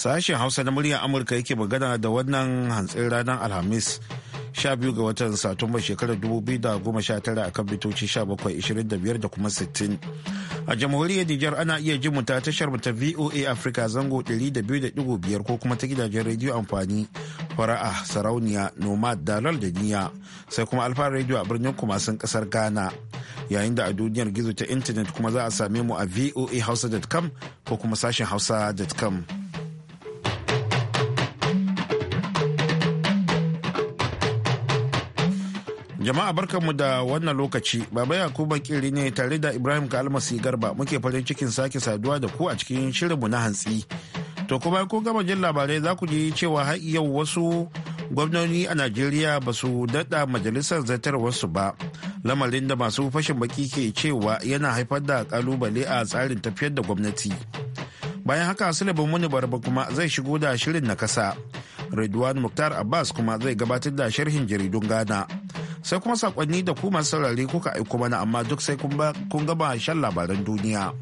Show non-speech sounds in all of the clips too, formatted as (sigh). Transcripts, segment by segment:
Sashen Hausa na muryar Amurka yake magana da wannan hantsin ranar Alhamis 12 ga watan Satumba shekarar 2019 kan bitoci 1725 da kuma 60. A jamhuriyar Nijar ana iya jin mu ta tashar ta VOA Africa zango 200.5 ko kuma ta gidajen rediyo amfani fara'a sarauniya nomad Dalal da niya sai kuma alfa rediyo a birnin kumasin kasar Ghana yayin da a duniyar gizo ta intanet kuma za a same mu a VOA hausa.com ko kuma sashen hausa.com. Jama'a barkanmu da wannan lokaci, Baba Yakubu Kiri ne tare da Ibrahim Kalmasi Garba muke farin cikin sake saduwa da ku a cikin shirinmu na hantsi. To kuma ko gama jin labarai za ku ji cewa har yau wasu gwamnoni a Najeriya ba su daɗa majalisar zartarwarsu ba. Lamarin da masu fashin baki ke cewa yana haifar da kalubale a tsarin tafiyar da gwamnati. Bayan haka sulabin Muni Barba kuma zai shigo da shirin na kasa. Redwan Muktar Abbas kuma zai gabatar da sharhin jaridun Ghana. sai kuma sakonni da ku masu saurare kuka aiko mana amma duk sai kun gaba shan labaran duniya.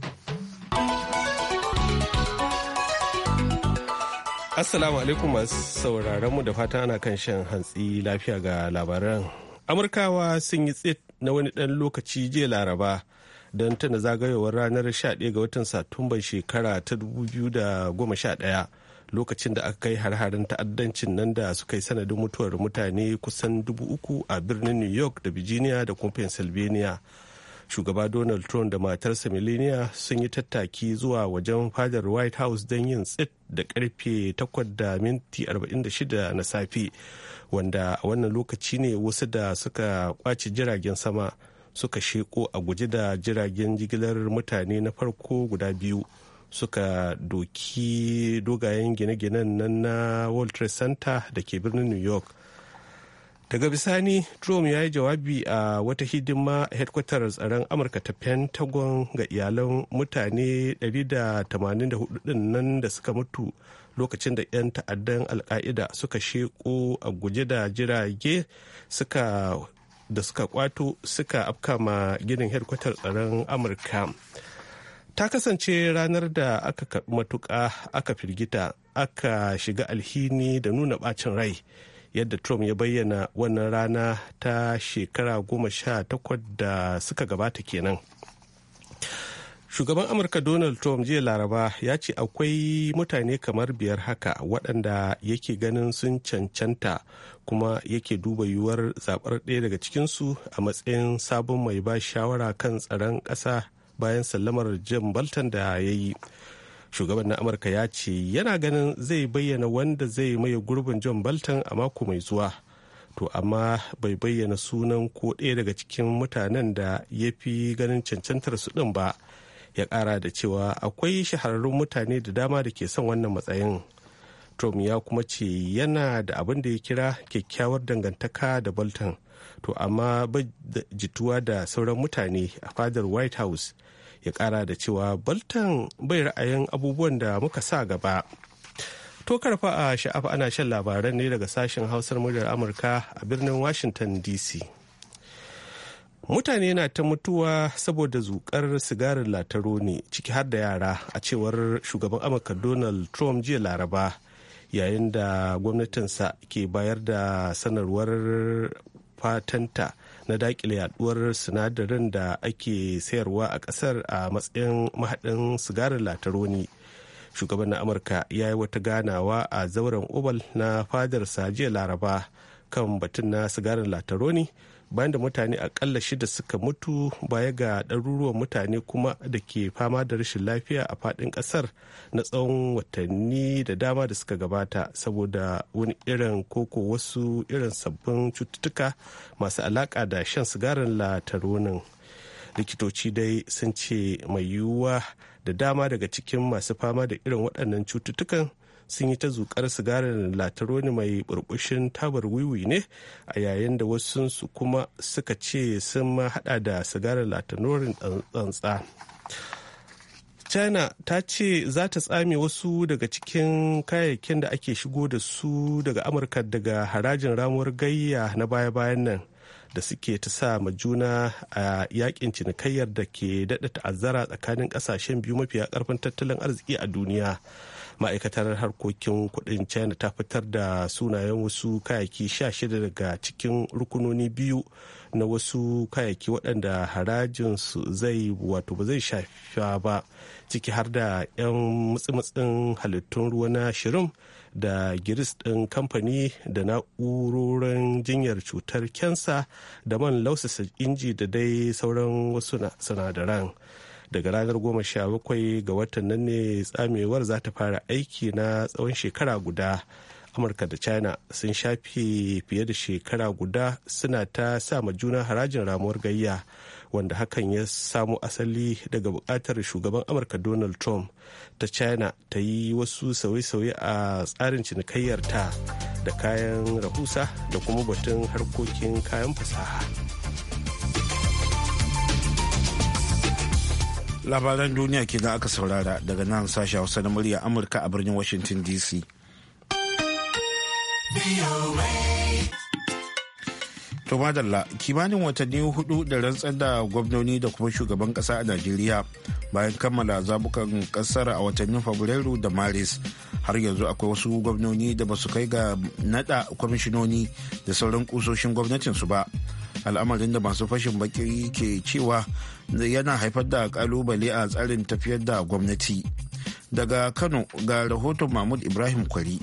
Assalamu alaikum masu sauraron mu da fata ana kan shan hantsi lafiya ga labaran. Amurkawa sun yi tsit na wani ɗan lokaci jiya laraba don tana zagayowar ranar 11 ga watan Satumban shekara ta 2011 lokacin da aka kai har-harin ta'addancin nan da suka yi sanadin mutuwar mutane kusan dubu uku a birnin new york da virginia da kuma pennsylvania shugaba donald trump da matarsa melania sun yi tattaki zuwa wajen fadar white house don yin tsit da karfe 8:46 na safe wanda a wannan lokaci ne wasu da suka kwace jiragen sama suka sheko a guji da jiragen jigilar mutane na farko guda biyu suka doki dogayen gine-ginen nan na world trade center da ke birnin new york daga bisani trump ya yi jawabi a wata hidima headkwatar tsaron amurka ta pentagon ga iyalan mutane 184 din nan da suka mutu lokacin da 'yan ta'addan alka'ida suka sheko a guje da jirage suka da suka kwato suka afka ma ginin headkwatar tsaron amurka ta kasance ranar da aka karbi matuƙa aka firgita aka shiga alhini da nuna bacin rai yadda trump ya bayyana wannan rana ta shekara goma sha takwas da suka gabata kenan shugaban amurka donald trump jiya laraba ya ce akwai mutane kamar biyar haka waɗanda yake ganin sun cancanta kuma yake duba yiwuwar zaɓar ɗaya daga cikinsu a matsayin sabon mai ba shawara kan tsaron ƙasa bayan sallamar jim baltan da ya yi shugaban na amurka ya ce yana ganin zai bayyana wanda zai maye gurbin john bolton a mako mai zuwa to amma bai bayyana sunan ko ɗaya daga cikin mutanen da ya fi ganin cancantar su ɗin ba ya ƙara da cewa akwai shahararrun mutane da dama da ke son wannan matsayin trump ya kuma ce yana da abin da ya kira kyakkyawar dangantaka da bolton to amma ba jituwa da sauran mutane a fadar white house ya kara da cewa baltan bai ra'ayin abubuwan da muka sa gaba to karfa a sha'afa ana shan labaran ne daga sashen hausar muryar amurka a birnin washington dc mutane na ta mutuwa saboda zukar sigarin lataro ne ciki har da yara a cewar shugaban amurka donald trump jiya laraba yayin da gwamnatinsa ke bayar da sanarwar fatanta na dakile yaduwar sinadarin da ake sayarwa a kasar a matsayin mahadin sigarin lataroni shugaban na amurka ya yi wata ganawa a zauren obal na fadar jiya laraba kan batun na sigarin lataroni bayan da mutane akalla shida suka mutu baya ga ɗaruruwan mutane kuma da ke fama da rashin lafiya a faɗin ƙasar na tsawon watanni da dama da suka gabata saboda wani irin koko wasu irin sabbin cututtuka masu alaƙa da shan sigarin lataronin likitoci dai sun ce mai yiwuwa da dama daga cikin masu fama da irin waɗannan cututtukan sun yi ta zukar sigarin lataroni mai burbushin tabar wiwi ne a yayin da wasu su kuma suka ce sun ma hada da sigarin lataroni tsantsa china ta ce za ta tsame wasu daga cikin kayayyakin da ake shigo da su daga amurka daga harajin ramuwar gayya na baya-bayan nan da suke ta sa ma juna a yakin cinikayyar da ke daɗa ta'azzara tsakanin ƙasashen biyu mafiya ƙarfin tattalin arziki a duniya ma'aikatar harkokin kudin china ta fitar da sunayen wasu kayaki sha shida daga cikin rukunoni biyu na wasu kayaki waɗanda harajin su zai wato ba zai shafa ba ciki har da 'yan matsimatsin halittun ruwa na shirin da giris ɗin kamfani da na'urorin jinyar cutar kensa da man lausa inji da dai sauran wasu sinadaran. daga ranar 17 ga watan nan ne tsamewar za ta fara aiki na tsawon shekara guda amurka da china sun shafe fiye da shekara guda suna ta sa ma juna harajin ramuwar gayya wanda hakan ya samo asali daga bukatar shugaban amurka donald trump ta china ta yi wasu sauye-sauye a tsarin cinikayyar ta da kayan rahusa da kuma batun harkokin kayan fasaha. labaran duniya kenan aka saurara daga nan sashen hausa na murya amurka a birnin washington dc To madalla kimanin watanni hudu da rantsar da gwamnoni da kuma shugaban kasa a Najeriya bayan kammala zabukan kasar a watannin Fabrairu da Maris har yanzu akwai wasu gwamnoni da ba su kai ga nada kwamishinoni da sauran kusoshin gwamnatinsu ba. al'amarin da masu fashin baki ke cewa yana haifar da kalubale a tsarin tafiyar da gwamnati daga kano ga rahoton mahmud ibrahim kwari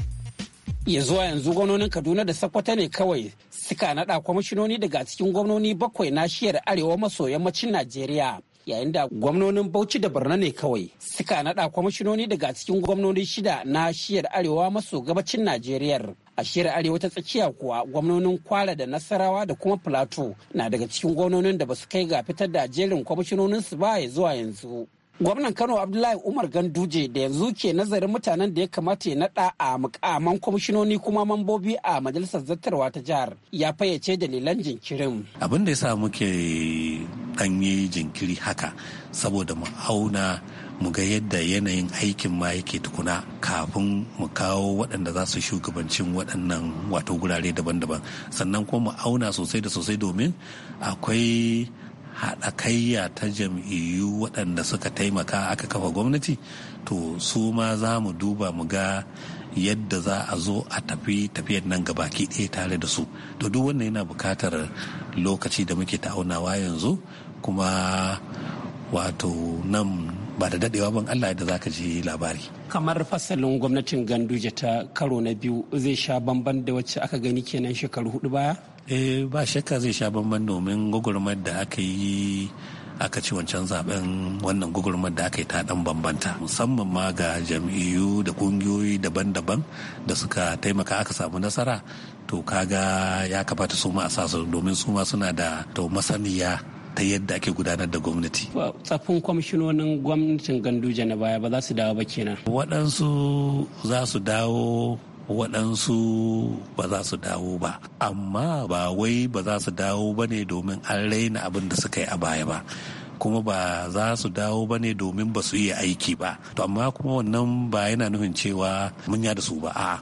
ya zuwa yanzu gwamnonin kaduna da sakwata ne kawai suka nada kwamishinoni daga cikin gwamnoni bakwai na shiyar arewa maso yammacin najeriya yayin da gwamnonin bauchi da borno ne kawai suka nada kwamishinoni daga cikin gwamnoni shida na shiyar arewa maso gabacin najeriya a shirin arewa ta tsakiya kuwa gwamnonin kwara da nasarawa da kuma plateau na daga cikin gwamnonin da ba su kai ga fitar da jerin su ba ya zuwa yanzu gwamnan kano abdullahi umar ganduje da yanzu ke nazarin mutanen da ya kamata ya nada a mukaman kwamishinoni kuma mambobi a majalisar zattarwa ta jihar ya fayyace dalilan jinkirin abin da ya sa muke ɗanyi jinkiri haka saboda mu auna mu ga yadda yanayin aikin ma yake tukuna kafin mu kawo waɗanda za su shugabancin waɗannan wato gurare daban-daban sannan kuma mu auna sosai da sosai domin akwai haɗakayya ta jam'iyyu waɗanda suka taimaka aka kafa gwamnati to su ma za mu duba mu ga yadda za a zo a tafi tafiyar nan gabaki ɗaya tare da su to duk wannan yana buƙatar lokaci da muke ta'aunawa yanzu kuma wato nan ba da dadewa ban Allah yadda za ka ji labari kamar fasalin gwamnatin ganduje ta karo na biyu zai sha bamban da wacce aka gani kenan shekaru hudu baya eh ba shakka zai sha bamban domin gwagwarmar da aka yi aka ci wancan zaben wannan gugurmar da aka yi ta dan bambanta musamman ma ga jam'iyyu da kungiyoyi daban-daban da suka taimaka aka samu nasara to kaga ya kamata su ma a sasu domin su ma suna da to masaniya ta yadda ake gudanar da gwamnati. Tsafin kwamishinonin gwamnatin Ganduje na baya ba za su dawo ba kenan. Waɗansu za su dawo waɗansu ba za su dawo ba amma ba wai ba za su dawo ba ne domin an raina abin da suka yi a baya ba kuma ba za su dawo ba ne domin ba su yi aiki ba to amma kuma wannan ba yana nufin cewa mun yada da su ba a'a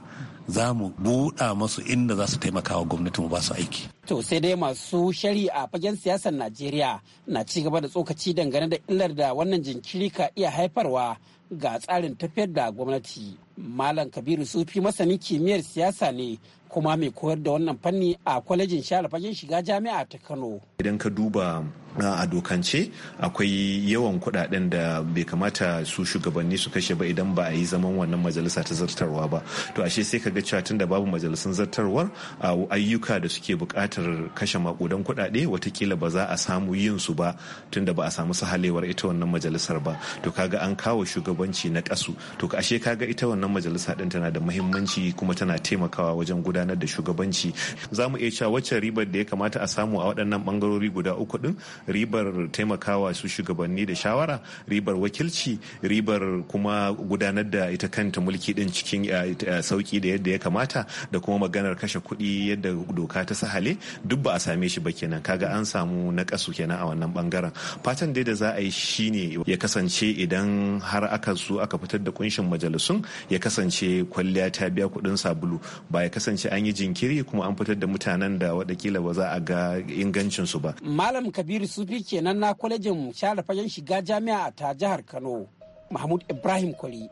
za mu buɗa masu inda za su taimaka wa gwamnati mu ba su aiki. To sai dai masu shari a fagen siyasar Najeriya na ci gaba da tsokaci dangane da illar da wannan jinkiri ka iya haifarwa ga tsarin tafiyar da gwamnati. Malam Kabiru Sufi masanin kimiyyar siyasa ne kuma mai koyar da wannan fanni a kwalejin share fagen shiga jami'a ta Kano. Idan ka duba a dokance akwai yawan kudaden da bai kamata su shugabanni su kashe ba idan ba a yi zaman wannan majalisa ta zartarwa ba to ashe sai ka ga cewa tun da babu majalisun zartarwar ayyuka da suke buƙatar kashe makudan kudade watakila ba za a samu yin su ba tun da ba a samu su sahalewar ita wannan majalisar ba to kaga an kawo shugabanci na kasu to ashe kaga ita wannan majalisa din tana da muhimmanci kuma tana taimakawa wajen gudanar da shugabanci za mu iya cewa wacce ribar da ya kamata a samu a waɗannan bangarori guda uku din ribar taimakawa su shugabanni da shawara ribar wakilci ribar kuma gudanar da ita kanta mulki din cikin eh, eh, sauki da yadda ya kamata da kuma maganar kashe kuɗi yadda doka ta sahale duk ba a same shi ba kenan kaga an samu na kenan a wannan bangaren fatan dai da za a yi shine ya kasance idan har aka so aka fitar da kunshin majalisun ya kasance kwalliya ta biya kuɗin sabulu ba ya kasance an yi jinkiri kuma an fitar da mutanen da watakila ba za a ga ingancin su ba malam kabiru sufi kenan na kwalejin share fagen shiga jami'a ta jihar kano mahmud ibrahim kwari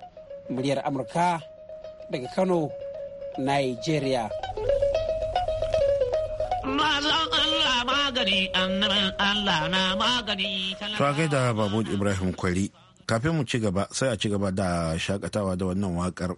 muryar amurka daga kano nigeria Ta da Mahmud Ibrahim Kwari, kafin mu ci gaba sai a ci gaba da shakatawa da wannan wakar.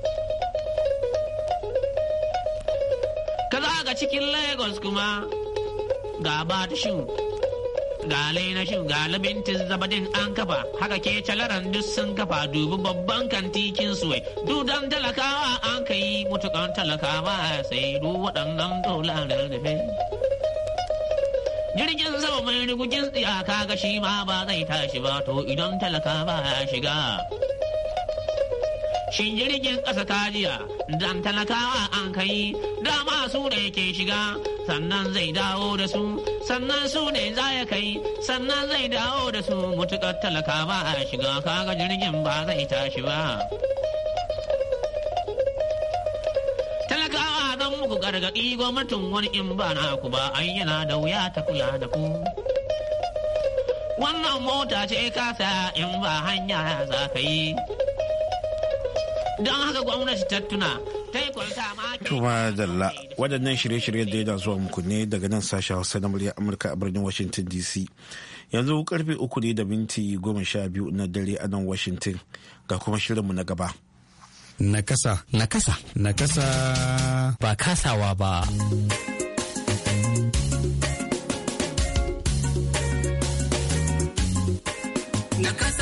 A cikin Lagos kuma ga Batushin ga Lainashin ga Labintin Zabadin an kafa haka ke calaran duk sun kafa dubi babban kantikin suwai dudan talakawa an kai mutukan talakawa sai du waɗannan dolarar da jirgin sama mai rigugin tsiyaka ga shi ma ba zai tashi ba to idan talakawa ya shiga Shin jirgin ƙasa ta jiya, dan talakawa an kai, dama su ne ke shiga, sannan zai dawo da su, sannan su ne za ya kai, sannan zai dawo da su mutuƙar talaka ba a shiga, kaga jirgin ba zai tashi ba. Talakawa don muku gargaɗi gwamnatin wani in ba na ku ba, ai yana da wuya ta kula da ku. Wannan mota ce kasa in ba hanya za ka yi. don haka gwamnati ta tuna ta yi kwanta ma tuma dalla waɗannan shirye-shiryen da yana zuwa muku ne daga nan sashen hausa na muryar amurka a birnin washington dc yanzu karfe uku ne da minti goma sha biyu na dare a nan washington ga kuma shirinmu na gaba nakasa nakasa nakasa ba kasawa ba Na kasa.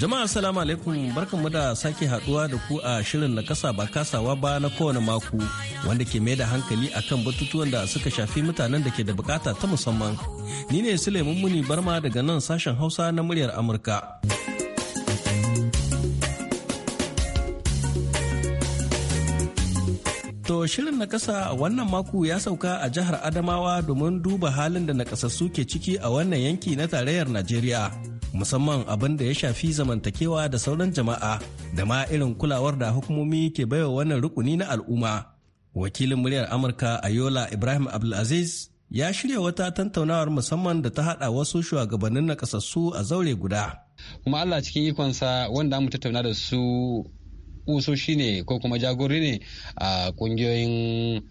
Jama'a salamu alaikum barkanmu da sake haduwa da ku a shirin na kasa ba kasawa ba na kowane mako wanda ke mai da hankali akan batutuwan da suka shafi mutanen da ke da bukata ta musamman. Ni ne Suleiman Muni Barma daga nan sashen Hausa na muryar Amurka. To shirin na kasa wannan mako ya sauka a jihar Adamawa domin duba halin da nakasassu ke ciki a wannan yanki na tarayyar Najeriya. musamman abin da ya shafi zamantakewa da sauran jama'a da ma irin kulawar da hukumomi ke baiwa wannan rukuni na al'umma wakilin muryar amurka ayola ibrahim abdulaziz ya shirya wata tantaunawar musamman da ta haɗa wasu shugabannin nakasassu a zaure guda kuma allah cikin ikonsa wanda mu tattauna da su uso ne ko kuma jagori ne a kungiyoyin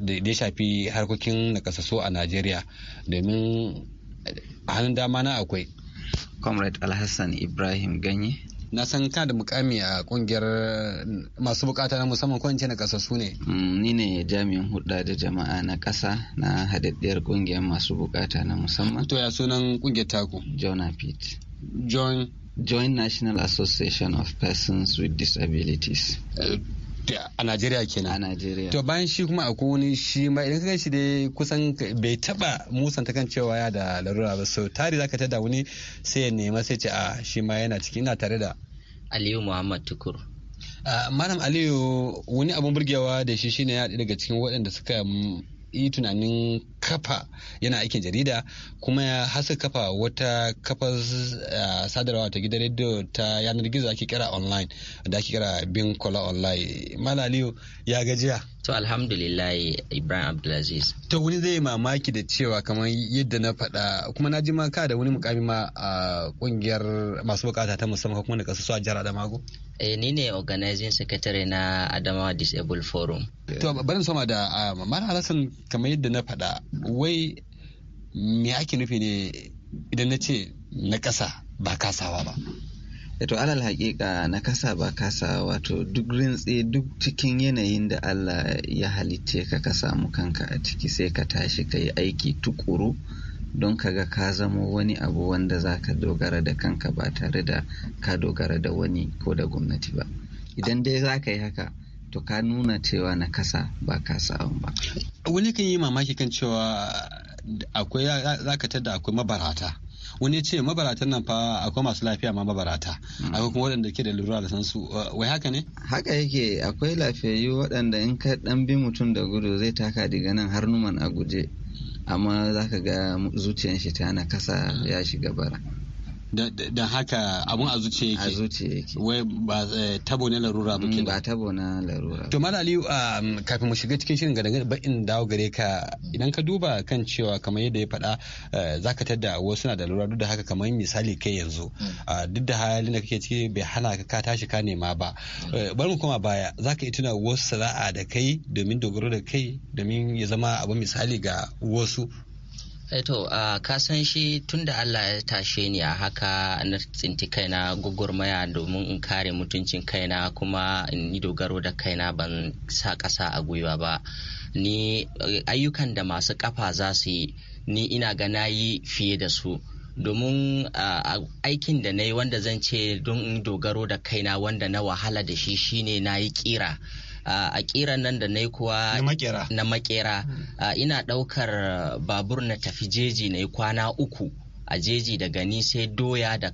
da ya shafi harkokin nakasassu a najeriya domin a hannun dama na akwai comrade alhassan ibrahim ganye na san ka da mukami a kungiyar masu bukata na musamman ko na kasa su ne mm, ni ne jami'in hudda da jama'a na kasa na hadaddiyar kungiyar masu bukata na musamman to ya sunan kungiyar taku jona pete john Joint National Association of Persons with Disabilities. Eh, a Najeriya kenan. A Najeriya. To bayan shi kuma akwai wani shi ma idan ka shi dai kusan bai taba musanta kan cewa ya da larura ba sau tari zaka tada wani sai ya nema sai ce a ah, shi ma yana ciki ina tare da. Aliyu Muhammad Tukur. Uh, Malam Aliyu wani abun burgewa da shi shine ya daga cikin waɗanda suka yi tunanin kafa yana aikin jarida kuma ya suka kafa wata kafar eh, sadarwa ta gidan rediyo ta yanar gizo ake kira online da ake kira bin kola online malaliyo ya gajiya to alhamdulillah ibrahim abdulaziz to wani zai mamaki da cewa kamar yadda na faɗa kuma na ji maka da wani mukami ma a kungiyar masu bukata ta musamman kuma da kasu a jihar adamago Eh, ni ne organizing secretary na Adamawa Disabled Forum. To bari sama da ah, Mara Hassan kamar yadda na faɗa wai me ake nufi ne idan na ce na ƙasa ba kasawa ba. Eh, to alal haƙiƙa na kasa ba kasa wato duk rintse duk cikin yanayin da Allah ya halitte ka ka samu kanka a ciki sai ka tashi ka yi aiki tukuru don ka ga ka zamo wani abu wanda za ka dogara da kanka ba tare da ka dogara da wani ko da gwamnati ba idan dai za ka yi haka to ka nuna cewa na kasa ba ka sa'an ba wani kan yi mamaki kan cewa akwai za ka tada akwai mabarata wani ce mabaratan nan fa akwai masu lafiya ma mabarata hmm. akwai kuma waɗanda ke da lura da sansu wai haka ne haka yake akwai lafiyayyu waɗanda in ka ɗan bi mutum da gudu zai taka diga nan har numan a guje amma za ka ga zuciyan shi ta na kasa ya shiga bara don haka abun a zuciya yake a zuciya yake wai ba eh, tabo na larura ba mm, ba tabo na larura to mala aliyu um, kafin mu shiga cikin shirin gadangar ba in dawo gare ka idan ka duba kan cewa kamar yadda ya faɗa eh, zaka tada wasu na da larura duk da haka kamar misali kai yanzu mm. duk da halin da kake ciki bai hana ka ka tashi ka nema ba mm. eh, bari mu koma baya zaka yi tuna wasu sana'a da kai domin dogaro da kai domin ya zama abin misali ga wasu Eh, to ka san shi tun da Allah ya tashe ni a haka na tsinti kaina gugurmaya domin in kare mutuncin kaina kuma in yi dogaro da kaina ban sa ƙasa a gwiwa ba ni ayyukan da masu kafa za su yi ni ina ga na yi fiye da su domin aikin da na yi wanda zan ce don in dogaro da kaina wanda na wahala da shi shine na yi kira a kiran nan da na yi kuwa na makera hmm. ina ɗaukar uh, babur na tafi jeji na yi kwana uku a jeji daga ni sai doya da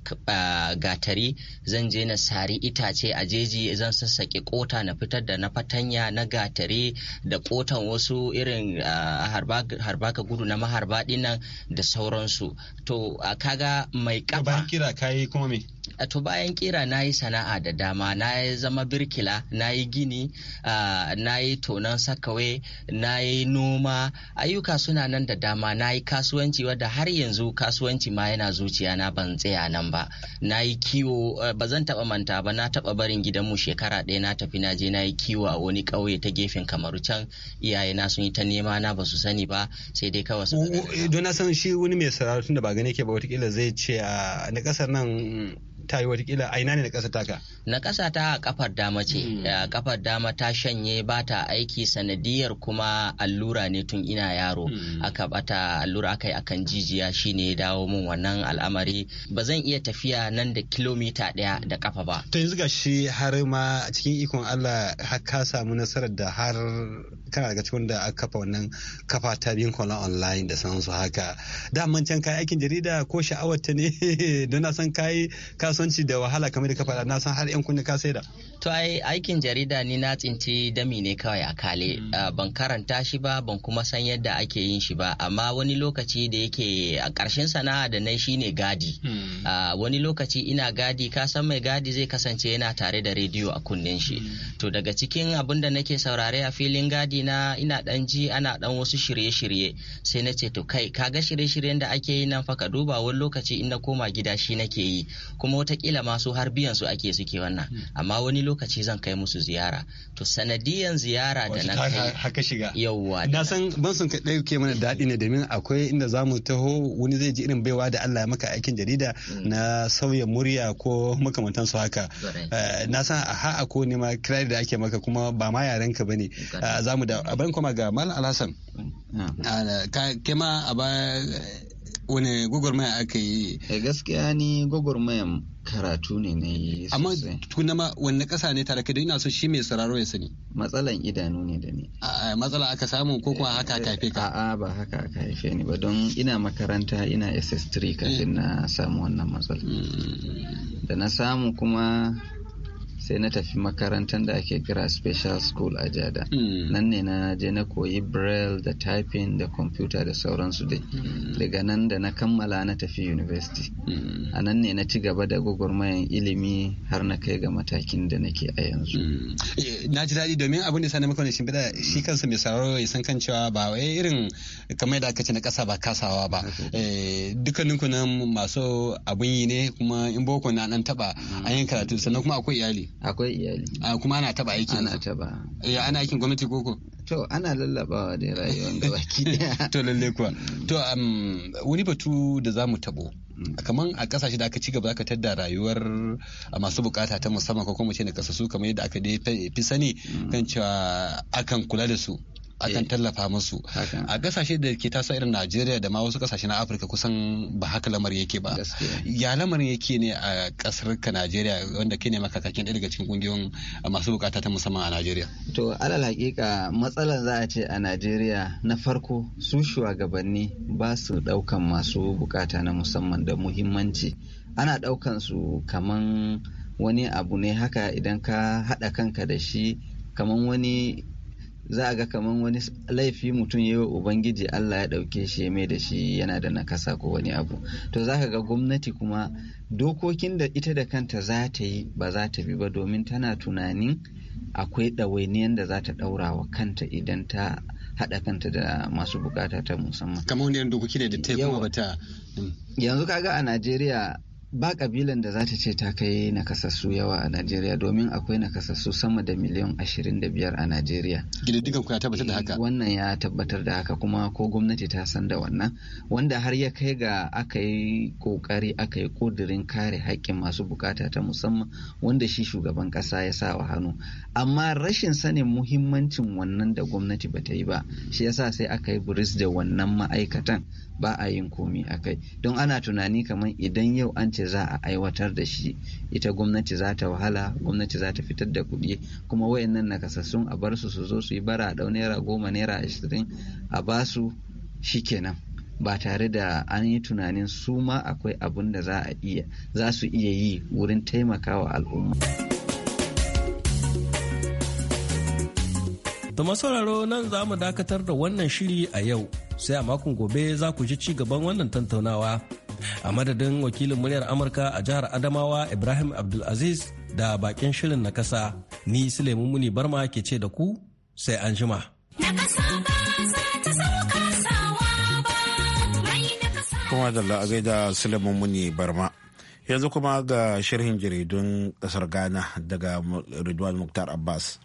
gatari zan je na sari itace a jeji zan sassaƙe kota na fitar da na fatanya na gatari da kotan wasu irin harbaka gudu na maharba dinnan da sauransu to kaga mai kafa kira kayi kuma me to bayan kira na yi sana'a da dama na yi zama birkila na yi gini na yi tonon sakawe na yi noma ayyuka suna nan da dama na yi kasuwanci wadda har yanzu kasuwanci ma yana zuciya na ban tsaya nan ba na yi kiwo ba zan taba manta ba na taba barin gidanmu shekara ɗaya na tafi na je na yi kiwo a wani ƙauye ta gefen kamaru can iyaye na sun yi ta nema na ba su sani ba sai dai kawai don eh, na san shi wani mai sauraro tun da ba gane ke ba watakila zai ce a na ƙasar nan ta yi watakila a ina ne na ƙasa taka? Na ƙasa ta kafar dama ce, kafar hmm. eh, dama ta shanye ba ta aiki sanadiyar kuma allura ne tun ina yaro. Hmm. Aka bata allura aka yi akan jijiya shine ya dawo min wannan al'amari. Ba zan iya tafiya nan da kilomita ɗaya da kafa ba. To yanzu gashi har ma cikin ikon Allah har ka samu nasarar da har kana daga cikin da aka kafa wannan kafa ta biyun online da sansu haka. Da can kayi aikin jarida ko sha'awar ta ne (laughs) don na san kayi kasu kasuwanci da wahala kamar da ka faɗa na san har yan kunni ka saida to ai aikin jarida ni na tsinci dami ne kawai a kale hmm. ah, ban karanta shi ba ban kuma san yadda ake yin shi ba amma wani lokaci da yake a ƙarshen sana'a da na shine gadi hmm. ah, wani lokaci ina gadi ka san mai gadi zai kasance yana tare da rediyo a kunnen shi hmm. to daga cikin abin da nake saurare a filin gadi na ina dan ji ana dan wasu shirye-shirye sai nace to kai ka ga shirye-shiryen da ake yi nan fa ka duba wani lokaci in na koma gida shi nake yi kuma watakila masu har su ake suke wannan hmm. amma wani lokaci zan kai musu ziyara to sanadiyan ziyara da na kai haka shiga yawwa na san ban sun kai dauke mana daɗi ne domin akwai inda zamu taho wani zai ji irin baiwa da Allah ya maka aikin jarida hmm. na sauya murya ko makamantan su haka eh, na san a ha ko ne ma da ake maka kuma ba ma yaren eh, hmm. ah, ka bane zamu da ban kuma ga Mal Alhassan kai ma a baya eh, wani gwagwarmaya aka yi a eh, gaskiya ni gwagwarmayan karatu ne na yi amma tukuna ma wanne kasa ne tare kadai ina so shi mai sauraro ya sani matsalan idanu ne da ni matsala aka samu ko kuma haka aka haife ka a'a ba haka aka haife ni ba don ina makaranta ina ss3 kafin eh. na samu wannan matsala mm. da na samu kuma sai na tafi makarantar da ake kira special school a jada hmm. nan ne na je na koyi braille da typing da computer da sauransu dai hmm. daga nan da na kammala na tafi university hmm. a nan ne na ci gaba da gwagwarmayan ilimi har na kai ga matakin da nake a yanzu eh, na ji daɗi domin abin da sa na maka wani shimfiɗa shi kansa mai sauraro ya san kan cewa ba wai irin kamar yadda aka ce na ƙasa ba kasawa ba eh, dukkaninku nan masu abun yi ne kuma in boko na nan taɓa an yi karatu sannan kuma akwai iyali akwai iyali a kuma ana taba aikin ana taba eh ana aikin gwamnati koko to ana lallabawa da rayuwar gabaki baki (laughs) to lalle kuwa to um, wani batu da zamu tabo mm. kamar a kasashe da aka ci gaba aka tadda rayuwar masu bukata ta musamman ko kuma ce na kasasu kamar yadda aka fi sani mm. kan cewa akan kula da su akan eh. tallafa musu a kasashe da ke taso irin Najeriya da ma wasu kasashe na Afirka kusan ba haka lamarin yake ba ya lamarin yake ne a kasar ka Najeriya wanda ke ne makakakin da daga cikin kungiyoyin masu bukata ta musamman a Najeriya to alal hakika matsalar za a ce a Najeriya na farko su shugabanni ba su daukan masu bukata na musamman da muhimmanci ana daukan su kaman wani abu ne haka idan ka haɗa kanka da shi kaman wani za a ga kamar wani laifi mutum ya yi wa ubangiji allah ya dauke shi mai da shi yana da nakasa ko wani abu to za ka ga gwamnati kuma dokokin da ita da kanta za ta yi ba za ta bi ba domin tana tunanin akwai ɗawainiyan da za ta ɗaura wa kanta idan ta haɗa kanta da masu bukata ta musamman. Kamar wani dokoki ne da ta kuma bata. Yanzu kaga a Najeriya ba kabilan da za ta ce ta kai nakasassu yawa a Najeriya domin akwai nakasassu sama da miliyan 25 a Najeriya. Gididdigan ku ya tabbatar da haka? Eh, wannan ya tabbatar da haka kuma ko gwamnati ta san da wannan wanda har ya kai ga aka yi kokari aka yi kudirin kare haƙƙin masu bukata ta musamman wanda shi shugaban ƙasa ya sa wa hannu. Amma rashin sanin muhimmancin wannan da gwamnati ba ta yi ba shi yasa sai aka yi buris da wannan ma'aikatan ba a yin komi a kai don ana tunani kamar idan yau an ce za a aiwatar da shi ita gwamnati za ta wahala gwamnati za ta fitar da kuɗi kuma wayannan nakasassun a bar su su zo su yi bara a ɗau naira goma naira ashirin a ba su kenan ba tare da an yi tunanin su ma akwai abin da za a iya za su iya yi wurin taimakawa al'umma. Da masauraro nan za mu dakatar da wannan shiri a yau sai a makon gobe za ku ji ci gaban wannan tantaunawa a madadin wakilin muryar amurka a jihar adamawa ibrahim abdulaziz da bakin shirin na kasa ni sulaimu muni barma ke ce da ku sai an jima kuma da la'agai da sulaimu muni barma yanzu kuma ga shirin jaridun kasar ghana daga ridwan muktar abbas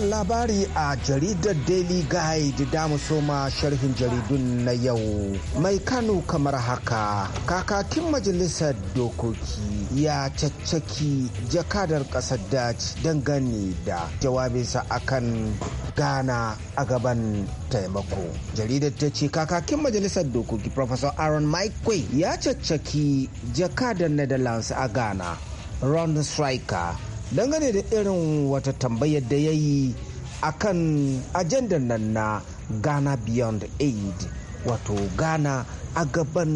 wannan labari a jaridar Daily Guide da mu soma sharhin jaridun na yau. Mai Kano kamar haka, kakakin majalisar dokoki ya caccaki jakadar ƙasar Dutch dangane da jawabinsa akan gana a gaban taimako. Jaridar ta ce kakakin majalisar dokoki Professor Aaron Mike ya caccaki jakadar Netherlands a Ghana, round Striker dangane da irin wata tambayar da ya yi a kan ajandar nan na ghana beyond aid wato ghana a gaban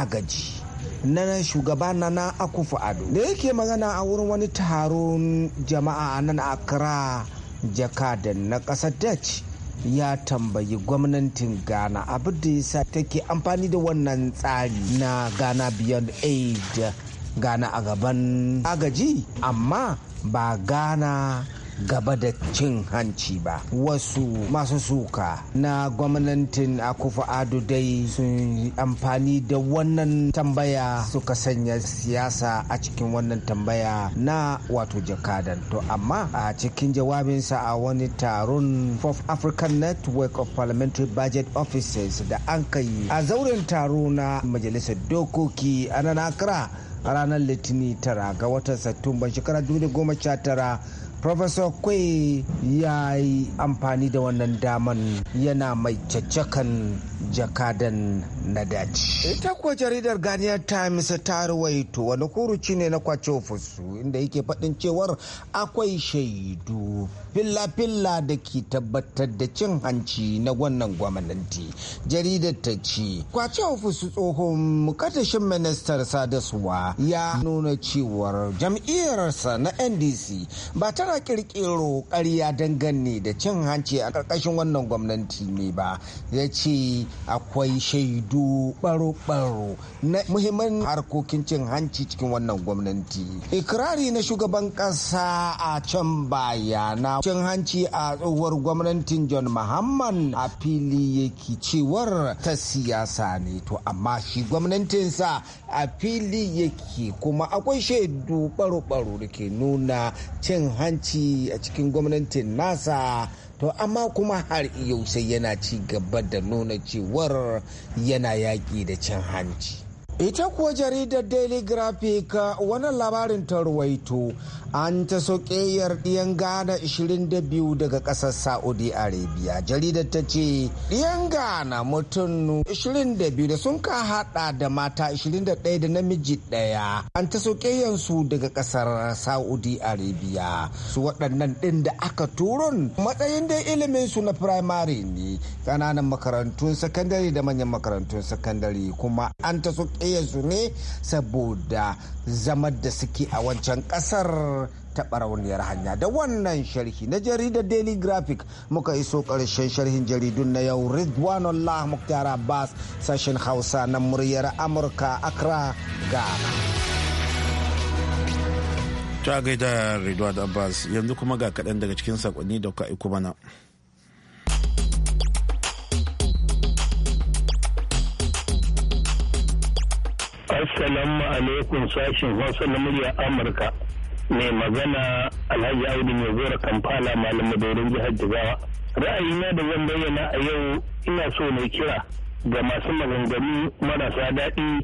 agaji na shugaba na na akufu ado da yake magana a wurin wani taron jama'a a nan jaka jakadan na ƙasar dutch ya tambayi gwamnatin ghana abin da ya yasa take amfani da wannan tsari na ghana beyond aid gana a gaban agaji amma ba gana gaba da cin hanci ba wasu masu suka na gwamnatin akufa ado dai sun amfani da wannan tambaya suka sanya siyasa a cikin wannan tambaya na wato jakadan to amma a cikin jawabinsa a wani taron of african network of parliamentary budget offices da an kai a zauren taro na majalisar dokoki a nan akra a ranar litinin tara ga watan satumban shekara 2019 professor kwai ya yi amfani da wannan daman yana mai caccakan jakadan na daji. ita kuwa jaridar ghanaian times ta rawaito wani kuruci ne na kwace ofisu inda yake faɗin cewar akwai shaidu filla-filla da ke tabbatar da cin hanci na wannan gwamnati jaridar ta ce kwace ofisu tsohon mukatashin ministar sadaswa ya nuna cewar jam'iyyarsa na ndc ba tana kara kirkiro karya dangane da cin hanci a ƙarƙashin wannan gwamnati ne ba ya ce akwai shaidu baro-baro na muhimman harkokin cin hanci cikin wannan gwamnati ikirari na shugaban ƙasa a can baya na cin hanci a tsohuwar gwamnatin john muhammad a fili yake cewar ta siyasa ne to amma shi gwamnatinsa a fili yake kuma akwai shaidu baro-baro da ke nuna cin hanci ci a cikin gwamnatin nasa to amma kuma har yau sai yana ci gaba da nuna cewar yana yaƙi da cin hanci ita kuwa jaridar daily graphic wannan labarin ta ruwaito an ta soƙeyar ɗiyan ghana 22 daga ƙasar saudi arabia jaridar ta ce ɗiyan ghana mutum 22 da sun ka hada da mata 21 da namiji ɗaya an ta soƙeyansu daga ƙasar saudi arabia su waɗannan ɗin da aka turun matsayin da ilimin su na firamare ne ƙananan makarantun sakandare da manyan makarantun sakandare kuma an ta soƙeyansu ne saboda zamar da suke a wancan ƙasar taɓa ta hanya da wannan sharhi na jaridar daily graphic muka iso karshen sharhin jaridun na yau ridwanullah muktar abbas sashen hausa na muryar amurka accra ga. ta gaida ridwan abbas yanzu kuma ga kaɗan daga cikin sakonni da ka iku mana Assalamu alaikum sashen Hausa na murya Amurka. mai magana alhaji audu mai gora kampala malam madaurin jihar jigawa na da zan bayyana a yau ina so na kira ga masu maganganu marasa daɗi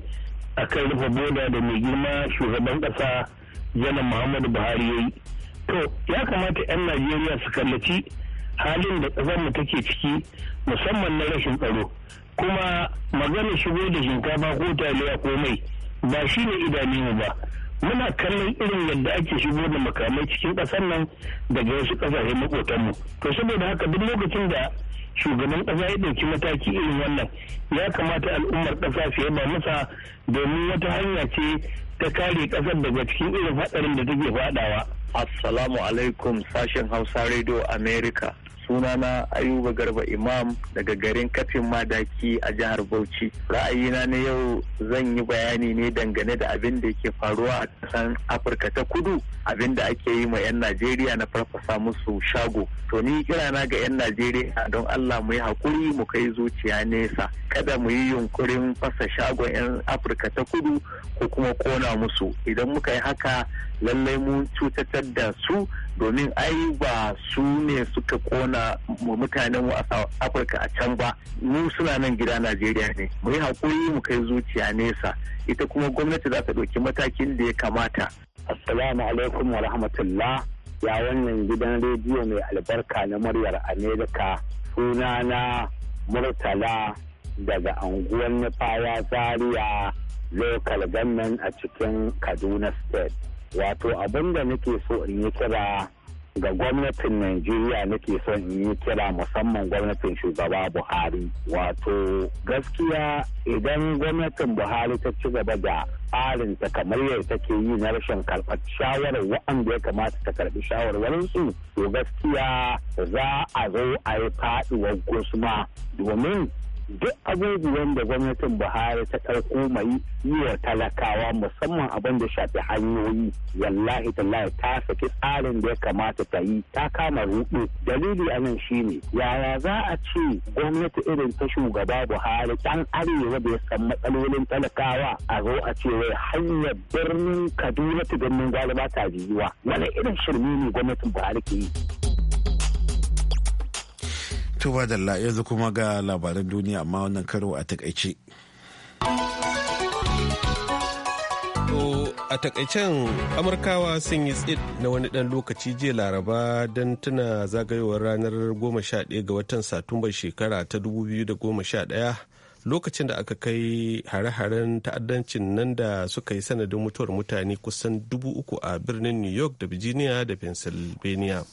akan rufe boda da mai girma shugaban ƙasa janar muhammadu buhari ya yi to ya kamata 'yan najeriya su kallaci halin da ƙasar mu take ciki musamman na rashin tsaro kuma magana shigo da shinkafa ko taliya ko mai ba ne idanunmu ba muna kallon irin yadda ake shigo da makamai cikin ƙasar nan daga wasu ƙasashe maƙotanmu to saboda haka duk lokacin da shugaban ƙasa ya ɗauki mataki irin wannan ya kamata al'ummar ƙasa su yaba masa domin wata hanya ce ta kare ƙasar daga cikin irin haɗarin da take faɗawa. Assalamu alaikum sashen Hausa Radio America. sunana ayuba garba imam daga garin kafin madaki a jihar bauchi ra'ayina na yau zan yi bayani ne dangane da abin da yake faruwa a kasan afirka ta kudu abin da ake yi ma 'yan najeriya na farfasa musu shago to ni kirana ga 'yan najeriya don allah mu yi hakuri mu kai zuciya nesa kada mu yi yunkurin fasa shagon 'yan afirka ta kudu ko kuma kona musu idan muka yi haka lallai mun cutar da su domin ai ba su ne suka kona mutanen mu a afirka a can ba mu suna nan gida najeriya ne mu yi haƙuri mu kai zuciya nesa ita kuma gwamnati za ta ɗauki matakin da ya kamata assalamu alaikum wa rahmatullah ya wannan gidan rediyo mai albarka na muryar amerika sunana murtala daga anguwan nufawa zaria local gannan a cikin kaduna state wato abinda nake so in yi kira ga gwamnatin Najeriya nake so in yi kira musamman gwamnatin shugaba Buhari wato gaskiya idan gwamnatin Buhari ta ci gaba da tsarinta kamar yadda take yi na rashin karɓar shawarar wa'anda ya kamata ta karɓi shawarwarinsu to gaskiya za a zo a yi faɗuwar gusma domin duk abubuwan da gwamnatin buhari ta ɗauko mai yi wa talakawa musamman abin da shafi hanyoyi wallahi tallahi ta saki tsarin da ya kamata ta yi ta kama rudu dalili a nan shine yaya za a ce gwamnati irin ta shugaba buhari ɗan arewa bai san matsalolin talakawa a zo a ce wai hanyar birnin kaduna ta birnin galiba ta jiyuwa wani irin shirme ne gwamnatin buhari ke yi. To madalla yanzu kuma ga labaran duniya amma wannan karo a takaice. a takaicen amurkawa sun yi tsit na wani ɗan lokaci jiya laraba don tuna zagayowar ranar 11 ga watan satumba shekara ta 2011 lokacin da aka kai hare-haren ta'addancin nan da suka yi sanadin mutuwar mutane kusan dubu uku a birnin new york da virginia da pennsylvania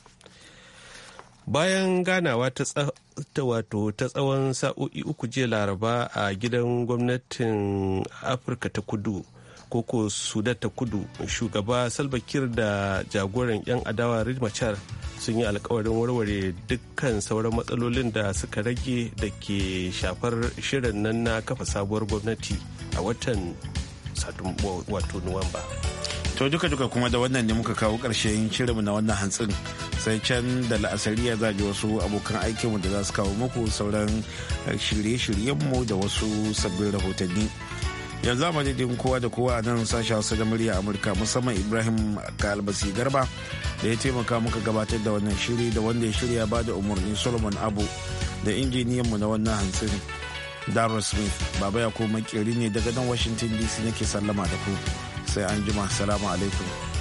bayan ganawa ta wato ta tsawon sa'o'i uku jiya laraba a gidan gwamnatin afirka ta kudu koko sudan ta kudu shugaba salva da jagoran 'yan adawa rid sun yi alkawarin warware dukkan sauran matsalolin da suka rage da ke shafar shirin nan na kafa sabuwar gwamnati a watan wato nuwamba to duka-duka kuma da wannan ne muka kawo ƙarshen shirinmu na wannan hantsin sai can da la'asari ya zaji wasu abokan aikinmu da za su kawo muku sauran shirye-shiryenmu da wasu sabbin rahotanni yanzu a madadin kowa da kowa a nan sashen hausa da murya amurka musamman ibrahim kalbasi garba da ya taimaka muka gabatar da wannan shiri da wanda ya shirya ba da umarni solomon abu da injiniyanmu na wannan hantsin darrell smith baba ya koma ne daga nan washington dc nake sallama da ku sai an jima salamu alaikum